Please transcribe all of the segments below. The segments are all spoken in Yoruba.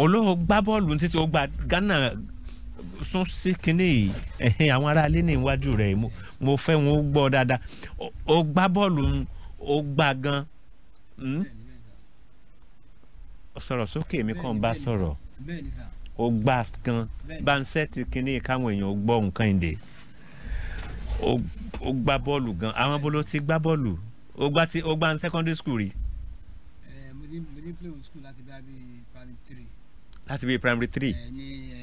olóò gbá bọ́ọ̀lù títí ó gba Ghana sún sí kínní yìí àwọn aráalé ní iwájú rẹ̀ mo fẹ́ wọn ó gbọ́ dáadáa ó gbá bọ́ọ̀lù ó gbá gan hmm? sọ̀rọ̀ sókè mi kàn bá sọ̀rọ̀ ó gbá gan bá ń sẹ́ẹ̀tì kínní káwọn èèyàn gbọ́ nǹkan ìdè ó gbá bọ́ọ̀lù gan àwọn bolo ti gbá bọ́ọ̀lù ó gbá ń secondary school rí mo ní play with school láti bí abí primary three. láti bí primary three. ẹ eh, ní ẹ.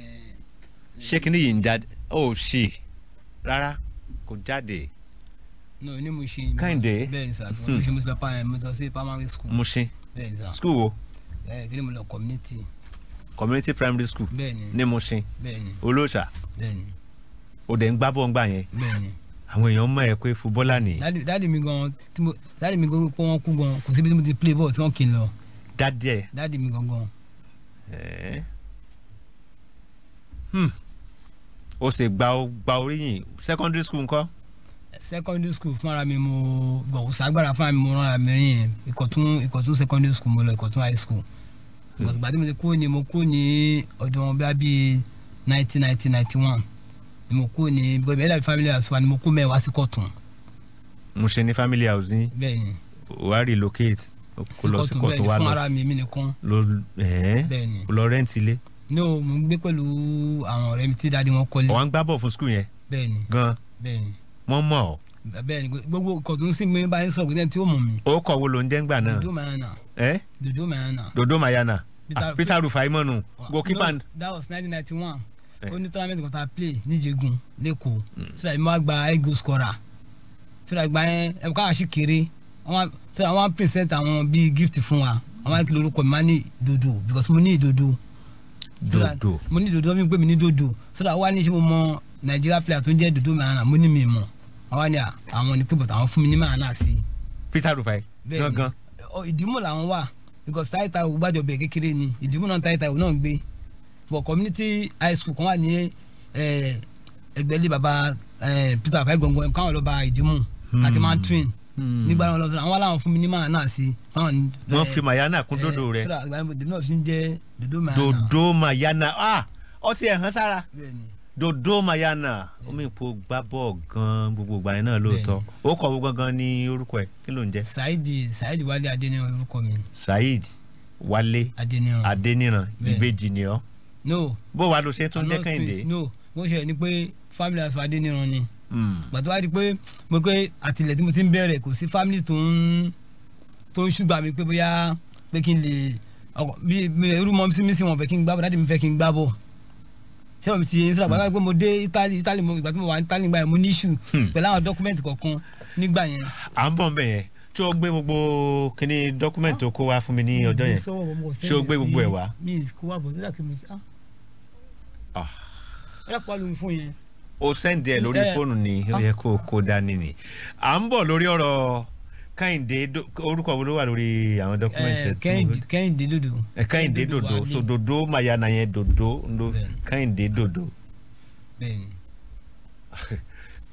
Eh, ṣé kí ni yìí ń jáde ó ṣì rárá kò jáde. no ní Mushin. Kẹ́hìndé bẹ́ẹ̀ sà hmm. mo ṣe mo ti lọ pa eh, mo lọ sí primary school. Mushin bẹ́ẹ̀ sà. school wo. ẹ kí ni mo lọ community. community primary school. bẹ́ẹ̀ni ní Mushin. bẹ́ẹ̀ni olóòṣà. bẹ́ẹ̀ni. o dẹ̀ ń gbá bọ́ǹgbà yẹn. bẹ́ẹ̀ni àwọn èèyàn mọ̀ ẹ́ pé fúbọ́là ni. dáàdi mi gan tí mi gan pé wọ́n kú gan kò síbi tí mo ti play ball tí wọ́n kì í lọ. dáàdi ẹ. dáàdi mi gangan. Hmm. o ṣe gba gba oríyìn secondary school ńkọ́. secondary school fúnra mi mo gbọ̀wùsà agbára fúnra mi mo rán mi rìn ìkọ̀tún ìkọ̀tún secondary school mo lọ ìkọ̀tún high school. Hmm. ìgbàgbọ́ tí ti kúrò ní mo kúrò ní ọdún bíi nineteen ninety ninety one mo kú ní bóyá ẹ̀dá family house wa ni mo kú mẹ́ wá sí Kọ̀tún. mo ṣe ní family house ní. bẹ́ẹ̀ni. wàá relocate kó lọ sí Kọ̀tún wa lọ sí Kọ̀tún bẹ́ẹ̀ni fún ara mi mi nìkan. ló ẹ̀ẹ́n bẹ́ẹ̀ni kó lọ rẹ́ǹtì ilé. no mo ń gbé pẹ̀lú àwọn ọ̀rẹ́ mi tí dáadé wọn kọ́lé. ọ̀wá ń gbá bọ̀ fún skul yẹn. bẹ́ẹ̀ni gan. bẹ́ẹ̀ni. wọ́n mọ̀ ọ́. bẹ́ẹ̀ni gbogbo Kọ̀tún sí mi bá ń sọ kí tí ó mọ̀ mi. ó kọ̀ wo ló ń jẹ́ ńgbà náà. Dodo Mayana. ẹ́ Dodo Mayana. Dodo Mayana. Peter ah, Rufai mọ́nu. Oh, goalkeeper. that was nineteen ninety one. Eh. ó ní tournament kan tá a play níjẹ̀gùn lẹ́kọ̀ọ́ hmm. tíra ìmọ̀ àgbà ego scorer tíra ìgbà yẹn ẹ̀ka àṣì kéré tíra wọn present àwọn bíi gift fún wa àwọn akílò orúkọ mi máa ní dodo because mo ní ìdodo dodo mo ní dodo wọn fi gbé mi ní dodo sọdọ àwa ní ṣe mo mọ Nigeria player tó ń jẹ́ dodo màánà mo ní mi mọ̀ àwa ni àwọn ní pípọ̀ táwọn fún mi ní màánà sí. Peter Rufai gangan. ìdìmọ̀ làwọn wà because táyìtà ògbàjọbẹ̀ kékeré ni ìdìmọ̀ náà táyìtà òun náà gbé for community high school kan wà ní eh, ẹgbẹ́lé baba eh, Peter Akai gbọ̀ngàn káwọn lọ́ba ìdìmú hmm. àti mount twin hmm. nígbà wọn lọ́sọ̀rọ̀ àwọn làwọn fún mi ní màá náà sí. wọ́n eh, fi mayana kún dodo rẹ̀ sọ́dọ̀ náà fi ń jẹ́ dodo mayana. dodo mayana ah ọtí ẹ̀ hàn sára dodo mayana omi ìpò gbá bọ́ọ̀ gan gbogbo ìgbà yẹn náà lóòótọ́ ó kọ gbogbo gan ni orúkọ ẹ̀ kí ló ń jẹ́. Saidi Saidi Wálé Adéníran orúkọ mi. Saidi Wálé Adéníran ìbejì ni ọ́ no bó wa ló ṣe tún dé kẹ́hìndé. no bó ṣe ni pé family house wa dé nírun ni. Hmm. gbàtọ́ wá di pé mo pé àtìlẹ̀ tí mo ti ń bẹ̀rẹ̀ kò sí family tó ń tó ń ṣùgbà mi pé bóyá pé kí n lè bí irú mọ́ mi sí wọn fẹ́ kí n gbá dáàdi mi fẹ́ kí n gbá ṣé o ti sọ̀rọ̀ gbàgbọ́ pé mo dé Italy Italy mo ìgbà tí mo wà ní Italy gbà yẹn mo ní issue hmm. pẹ̀lú àwọn dọ́kúmẹ̀ntì kọ̀ọ̀kan nígbà yẹn. à ń bọ̀ ń tí o gbé gbogbo kíní dọ́kúmẹ̀ntì tó kó wa fún mi ní ọjọ́ yẹn tí ah, o gbé gbogbo ẹ̀ wá. Ah. ẹ pa lóun fún yẹn. o sẹ́ndì ẹ̀ lórí fóònù ni ó ah. yẹ kó kó dání ni à ń bọ̀ lórí ọ̀rọ̀ kẹ́hìndé orúkọ wo ló wà lórí àwọn dọ́kúmẹ́ntì. kẹ́hìndé dòdò. kẹ́hìndé dòdò so dòdò mayana yẹn dòdò ndo kẹ́hìndé dòdò.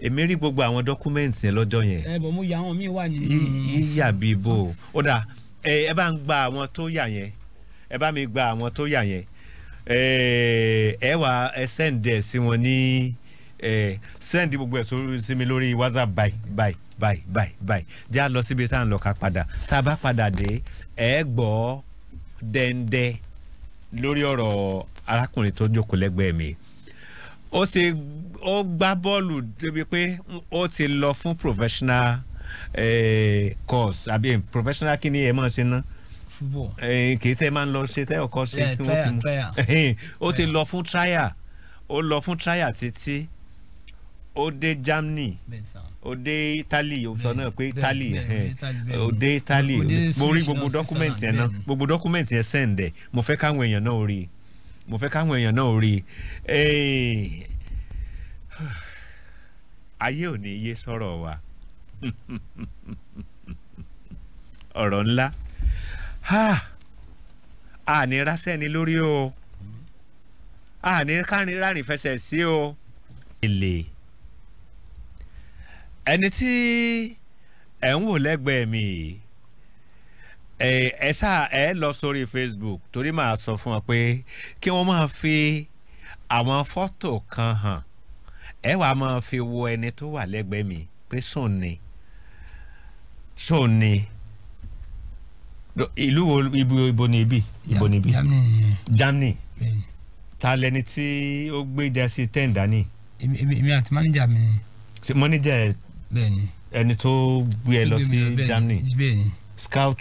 èmi rí gbogbo àwọn dọ́kúmẹ́ntì yẹn lọ́jọ́ yẹn. ẹ bọ̀ mo yà àwọn míì wà nínú. yíyà bíi bò ó dà ẹ bá ń gba àwọn tó yà yẹn ẹ bá mi gba àwọn tó yà yẹn Eh, ẹ wà ẹ send ẹ̀ sí wọn ní eh, sẹ́ǹdì gbogbo ẹ̀ sí mi lórí WhatsApp báyìí báyìí báyìí báyìí báyìí já lọ síbi tá à padà tá a bá padà dé ẹ gbọ́ dẹ́ndẹ́ lórí ọ̀rọ̀ arákùnrin tó jókòó lẹ́gbẹ̀ẹ́ mi ó ti ó gbá bọ́ọ̀lù débi pé ó ti lọ fún professional eh, course àbí professional kí ni ẹ máa ṣe náà football. Eh, kì í tẹ́ máa ń lọ ṣe tẹ́ ọkọ ṣe tí wọ́n fi mu o eh, ti lọ fún trial ó lọ fún trial títí ó dé Germany ó dé Italy ó sọ náà pé Italy eh. ó dé Italy mo rí gbogbo dọ́kúmẹ̀ntì yẹn náà gbogbo dọ́kúmẹ̀ntì yẹn sẹ́ǹdẹ̀ mo fẹ́ káwọn èèyàn náà rí mo fẹ́ káwọn èèyàn náà rí ayé ò ní yé sọ̀rọ̀ wa ọ̀rọ̀ ńlá àní rásẹ̀ ni lórí o àní kárin rárìn fẹsẹ̀ sí o. èlé ẹni tí ẹ̀ ń wò lẹ́gbẹ̀ẹ́ mi ẹ ṣáà ẹ lọ sórí Facebook torí màá sọ fún ọ pé kí wọ́n máa fi àwọn fọ́tò kan hàn ẹ wàá máa fi wo ẹni tó wà lẹ́gbẹ̀ẹ́ mi pé sùn ni ìlú wo ibo ibo ni ibi ibo ni ibi Germany ta lẹni tí ó gbé jẹsí ten dání. èmi àti manager mi ni. manager bẹ́ẹ̀ni ẹni tó gbé ẹ lọ sí Germany bẹ́ẹ̀ni scout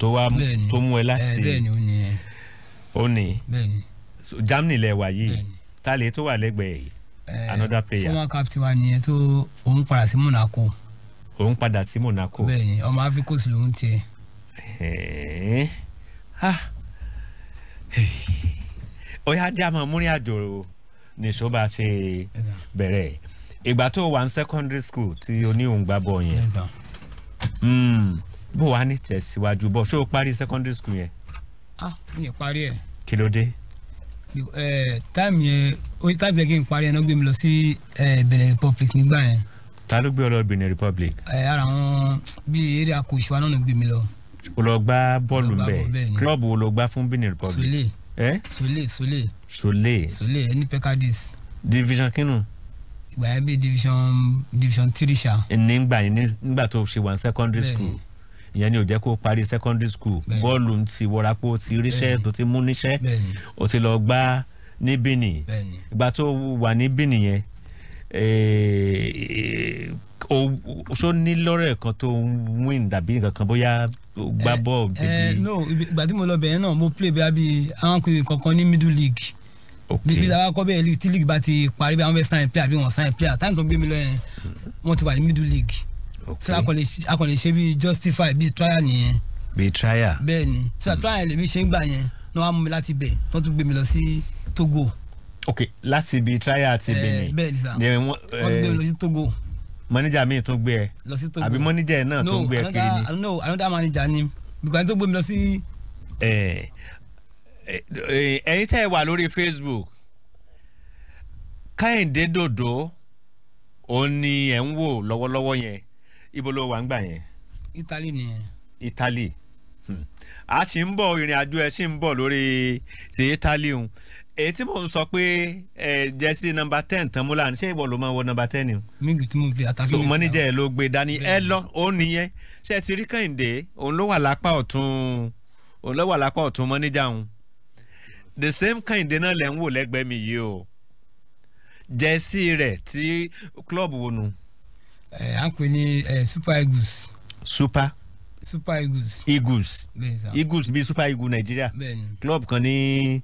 tó wá tó mú ẹ láti bẹ́ẹ̀ni ó ní ẹ ó ní bẹ́ẹ̀ni Germany lẹ wà yìí ta lè tó wà lẹ́gbẹ̀ẹ́ yìí another player. former captain wa nìyẹn tó òun padà sí Monaco. òun padà sí Monaco. bẹ́ẹ̀ni ọmọ africos lòun tiẹ̀ ó eh? yá jẹ́ àmọ́ múrin àjò nìṣó bá ṣe bẹ̀rẹ̀ ìgbà tó wà ní secondary school tí oníhùn gbàbọ̀ yẹn hmm. bó wàá ní tẹ̀síwájú bọ̀ ṣé o parí secondary school yẹn. ah mi ò parí ẹ. kí ló dé. Eh, táìmù yẹn oye táìmù yẹn kí n parí ẹ náà gbé mi lọ sí eh, Benin Republic nígbà yẹn. ta ló gbé ọ lọ Benin Republic. ara àwọn bíi eré akọ ìṣúná náà gbé mi lọ o lọ gbá bọ́ọ̀lù bẹ́ẹ̀ klọ́ọ̀bù wo ló gbá fún Benin Republic. Sole eh? Sole Sole Sole Sole ẹni pekadis. division kinu. ìgbà yẹn bí division division three ṣá. nígbà yẹn nígbà tó ṣe wà ní secondary school ìyẹn ni ò jẹ́ kó parí secondary school bọ́ọ̀lù ti wọra pé o ti ríṣẹ́ tó ti mú níṣẹ́ o ti lọ gbá ní Benin ìgbà tó wà ní Benin yẹn eh, o ṣó ní lọ́rẹ̀ kan tó ń win dàbí nǹkan kan bóyá gbá eh, bọ́ọ̀lù eh, débi. no ìgbà tí mo lọ bẹ̀rẹ̀ náà mo play bẹ́ẹ̀ àwọn ọkùnrin kankan ní middle league bí àwọn akọ bẹ́ẹ̀ tí league bá ti parí bí àwọn fẹ́ sign player bí wọ́n sign player táwọn kan gbé mi lọ yẹn wọ́n ti wà ní middle league so a ṣe bí justify bí trial nìyẹn. bí trial. bẹ́ẹ̀ ni so hmm. trial lèmi ṣe ń gbà yẹn ni wọ́n á mú mi láti bẹ̀ tó tún gbé mi lọ sí Togo. ok láti ibi trial àti eh, Benin. bẹ́ẹ̀ ni sá wọ́n tún gbé Togo mọ́níjà mi tún gbé ẹ àbí mọ́níjà ẹ náà tún gbé ẹ kiri ni. no another manager ni because tó gbé mi lọ sí. ẹ̀yin tẹ́ ẹ wà lórí Facebook Káyìndé Dòdò òun ni ẹ̀ ń wò lọ́wọ́lọ́wọ́ yẹn ibo ló wà ń gbà yẹn. Italy nìyẹn. Italy hmm. a sì ń bọ̀ ìrìn àjò ẹ̀ sì ń bọ̀ lórí ti Italy èyí tí mò ń sọ pé ẹ jẹ́sí nọmba ten tán múlá ṣé ìwọ ló máa wọ nọmba ten ni o. mílíkì tí mo gbé àtàkì mi. mọ́níjà ẹ̀ ló gbé dání ẹ lọ òun nìyẹn ṣe ti rí kẹ́hìndé òun ló wà lápá ọ̀tún òun ló wà lápá ọ̀tún mọ́níjà òun the same kẹ́hìndé náà lẹ̀ ń wò lẹ́gbẹ̀ẹ́ mi yìí o jẹ́sí rẹ̀ tí club wo nu. ẹ à ń pè ní super eagles. super super eagles. eagles eagles bíi super eagles nàìjíríà club kan Ni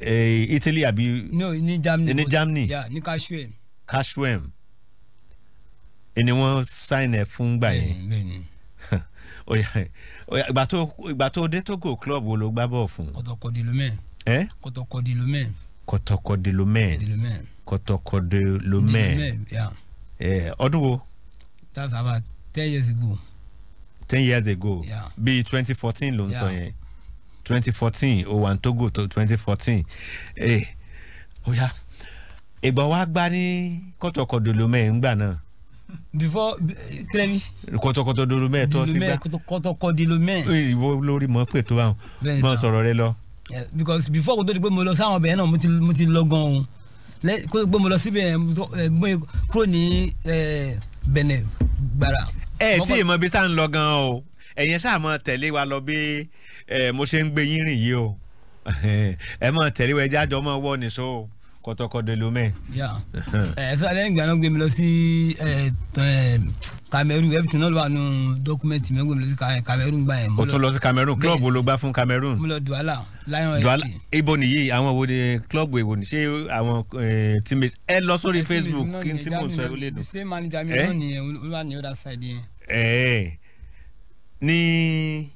eh, Italy àbí. no ní Germany. ní Germany. ya ní Kashwem. Kashwem ni wọ́n sign ẹ̀ fún gbà yẹn ìgbà tó ìgbà tó dé Togo club wo ló gbá bọ̀ fún. Kotoko de Lomé. ẹ Kotoko de Lomé. Kotoko de Lomé. Kotoko de Lomé. ẹ ọdún wo. that's about ten years ago. ten years ago. bíi twenty fourteen ló ń sọ yẹn. 2014 ó wà ní Togo 2014 eh, ó yá ìgbà wa gbá ní kọ́tọ̀kọ́dọ̀ lomẹ́ ńgbà náà before clemi. kọtọkọtọ dolomẹ tó ti gbà kọtọkọ dolomẹ. ìwọ lórí mọ pé tó bá mọ sọ̀rọ̀ rẹ lọ. Eh, because before kó tó di pé mo lọ sáwọn ọbẹ̀ yẹn náà mo ti lọ gan o kó tó pé mo lọ síbẹ̀ yẹn mo eh, kúrò ní eh, Benin gbàrà. ẹ tí ì mọ bí sáà ń lọ gan o ẹ̀yin sáà mọ̀ tẹ̀lé wa lọ bí mo ṣe ń gbé yín rìn yìí o ẹ mọ̀ tẹ̀lé wa ẹjẹ́ àjọ mọ̀ wọ́ nìṣó kọ́tọ́kọ́dé ló mẹ́. ẹ sọ ìgbà náà gbé mi lọ sí Cameroon everything náà ló wà nù dọ́kúmẹ́ntì mi gbé mi lọ sí Cameroon gbà yẹn. o tún lọ sí Cameroon club wo ló gbá fún Cameroon. mo lọ Douala Lion FC. ibo nìyí àwọn wo ni club wo ni ṣé àwọn teammates ẹ lọ sórí Facebook kí n tí mo sọ ẹ wọlé the same manager mi náà nìyẹn olúwa ni other side yẹn ní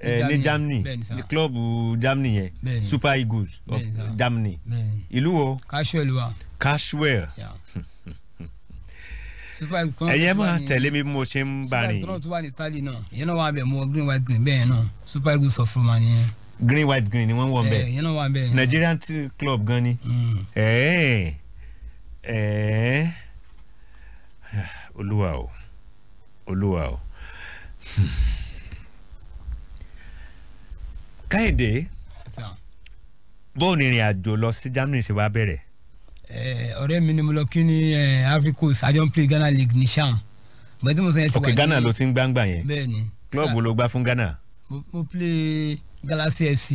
eh, ní Germany ní klọ́ọ̀bù Germany yẹn Super Eagles of Germany ìlú wo Cashwell wa Cashwell ẹ̀yẹ́ máa tẹ̀lé mi mo ṣe ń bá Super Eagles tó wà ní Italy náà ìyẹn náà wà bẹ̀ mọ́ green white green bẹ́ẹ̀ náà Super Eagles of Roma nìyẹn. green white green ni wọ́n wọ̀ bẹ́ẹ̀ ìyẹn náà wà bẹ́ẹ̀. Nigerian club gan ni. ẹ̀ẹ́ mm. ẹ̀ẹ́ eh. eh. olúwa o olúwa o. Hmm. káyọ̀dé bóun ni ìrìn àjò lọ sí Germany ṣe wá bẹ̀rẹ̀. Eh, ọ̀rẹ́ mi ni mo lọ kí ni eh, africos i don play Ghana League ní sham bẹ́ẹ̀ tí mo sọ yẹn ti wà ní. ok Ghana ló ti ń gbangba yẹn bẹ́ẹ̀ni club ló gbá fún Ghana. mo, play Galaxy FC.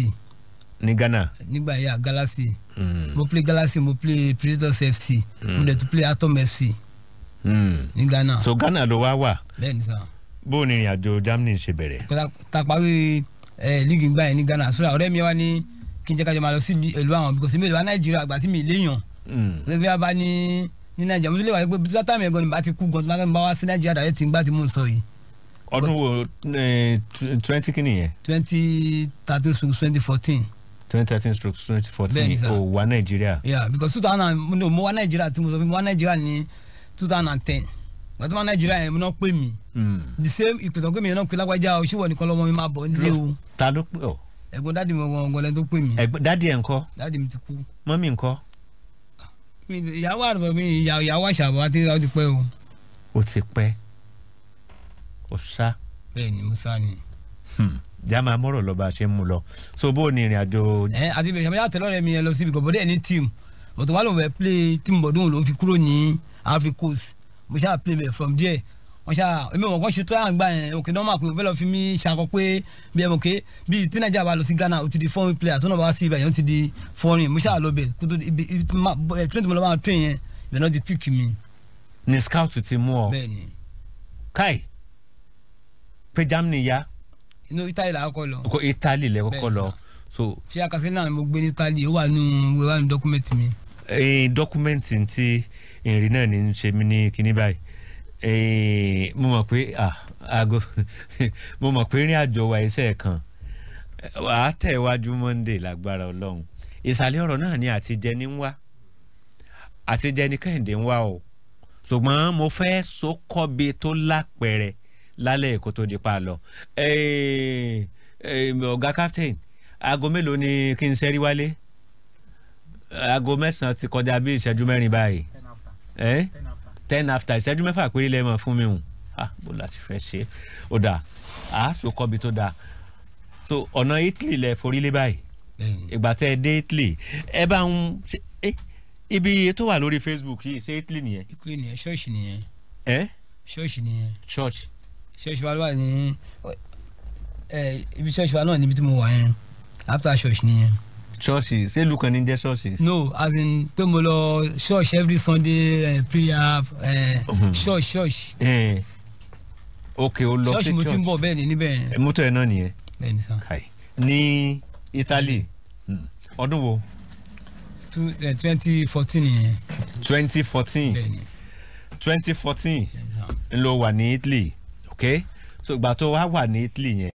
ní Ghana. nígbà yà Galaxy. Hmm. mo play Galaxy mo play Predators FC mo hmm. dẹ̀ tún play Atom FC. Mm. ní Ghana. so Ghana ló wá wà. bẹ́ẹ̀ni sáà bó ni ìrìn àjò Germany ṣe bẹ̀rẹ̀. ta parí líìgì gbà yẹn ní Ghana sórí ọ̀rẹ́ mi wá ní kí n jẹ́ ká jọ máa lọ sí ìlú àwọn bíkọ́sì mi ìlú wa Nàìjíríà àgbà tí mi léèyàn lọ́sibí hmm. bá ní ní Nàìjíríà mo tún lè wà pé pátá mi gan-an bá ti kú gan-an bá wá sí Nàìjíríà dàbí ti ń gbà tí mò ń sọ yìí. ọdún wo twenty kí nìyẹn. twenty thirteen stroke twenty fourteen. twenty thirteen stroke twenty fourteen o wà Nàìjíríà. yeah because two thousand and no mo wà Nàìjíríà tí mo sọ fún mi mo wà Nàìjíríà ní two thousand and ten wọ́n ti máa nàìjíríà yẹn náà pè mí hmm. the same ìpìtàn pé mi yẹn náà pè lágbájá o ṣíwọ nìkan lọ́mọ mi máa bọ̀ nílé o. ta ló pè ọ. ẹ̀gbọ́n dáàdi mi wọn gbọ́dọ̀ tó pè mí. ẹ̀gbọ́n dáàdi ẹ̀ ńkọ́. dáàdi mi ti kú. mọ́mí ńkọ́. ìyàwó àrùbọ̀ mi ìyàwó àṣàbọ̀ àti ìyàwó ti pẹ́ o. o ti pẹ́ o sá. bẹ́ẹ̀ni mo sá ni. já hmm. máa mọ̀rọ̀ lọ bá a ṣe ń mú lọ so bó o ní ìrìn àjò. ẹ àti bẹ̀rẹ̀ mo ṣáà play bẹ̀ from there wọ́n ṣáà èmi wọn kàn ṣe tó àgbà yẹn òkè náà mà pé mo fẹ́ lọ fi mí ṣàkọ pé bí ẹ mọ̀ pé bí tí nàìjíríà bá lọ sí Ghana ó ti di foreign player tó náà bá sí ibà yẹn ó ti di foreign mo ṣáà lọ bẹ̀ kó tó ibi trent mo lọ máa train yẹn ibẹ̀ náà di pick mi. ni scout ti mú ọ bẹ́ẹ̀ni. kai pé Germany ya. inú Italy la kọ́kọ́ lọ. Italy lẹ kọ́kọ́ lọ. so. fiakasi náà ni mo gbé ní Italy ó wà nínú wẹ́wà ní dọ́kúmẹ́ntì mi dọ́kúmẹ́ǹtì tí ìrìn náà ní ṣe mí ní kinní báyìí mo mọ̀ pé aago mo mọ̀ pé ìrìn àjò wa iṣẹ́ kan wàá tẹ̀ wájú Monday lágbára Ọlọ́run ìsàlẹ̀ ọ̀rọ̀ náà ni àtijẹ́ ní ń wá àtijẹ́ ní Kẹ́hìndé ń wá o ṣùgbọ́n mo fẹ́ sókọ́bi tó lápẹẹrẹ lálẹ́ èkó tó di pa lọ. ọ̀gá captain aago mélòó ni kí n ṣẹ́rí wálé? Eh, aago mẹ́sàn-án ti kọjá bí ìṣẹ́jú mẹ́rin báyìí ten after eh? ìṣẹ́jú mẹ́fà péré lẹ́mọ̀ fún mi hùn ah bó la ti fẹ́ ṣe ó dáa àásù ah, kọ́bi tó dáa so ọ̀nà Italy lẹ forí lé báyìí ìgbà tẹ́ ẹ dé Italy ẹ bá ń ibi tó wà lórí Facebook yìí ṣé Italy nìyẹn. Italy nìyẹn ṣọ́ọ̀ṣì nìyẹn. ẹ ṣọ́ọ̀ṣì nìyẹn. church. ṣọ́ọ̀ṣì wa ló wà ní ibi ṣọ́ọ̀ṣì wa náà níbi tí mo wà yẹn after church nìyẹn. Churches sẹ́lù kan ní jẹ́ churches. no as in pé mo lọ church every sunday uh, prayer uh, mm -hmm. church church. Eh. ok o lọ sí church. church mo ti ń bọ̀ bẹ́ẹ̀ ni níbẹ̀. Eh, mọ́tò ẹ̀ náà nìyẹn. bẹ́ẹ̀ ni sá. ní italy mm. ọdún wo. twenty fourteen yẹn. twenty fourteen twenty fourteen ló wà ní italy ok so ìgbà tó wá wà ní italy yẹn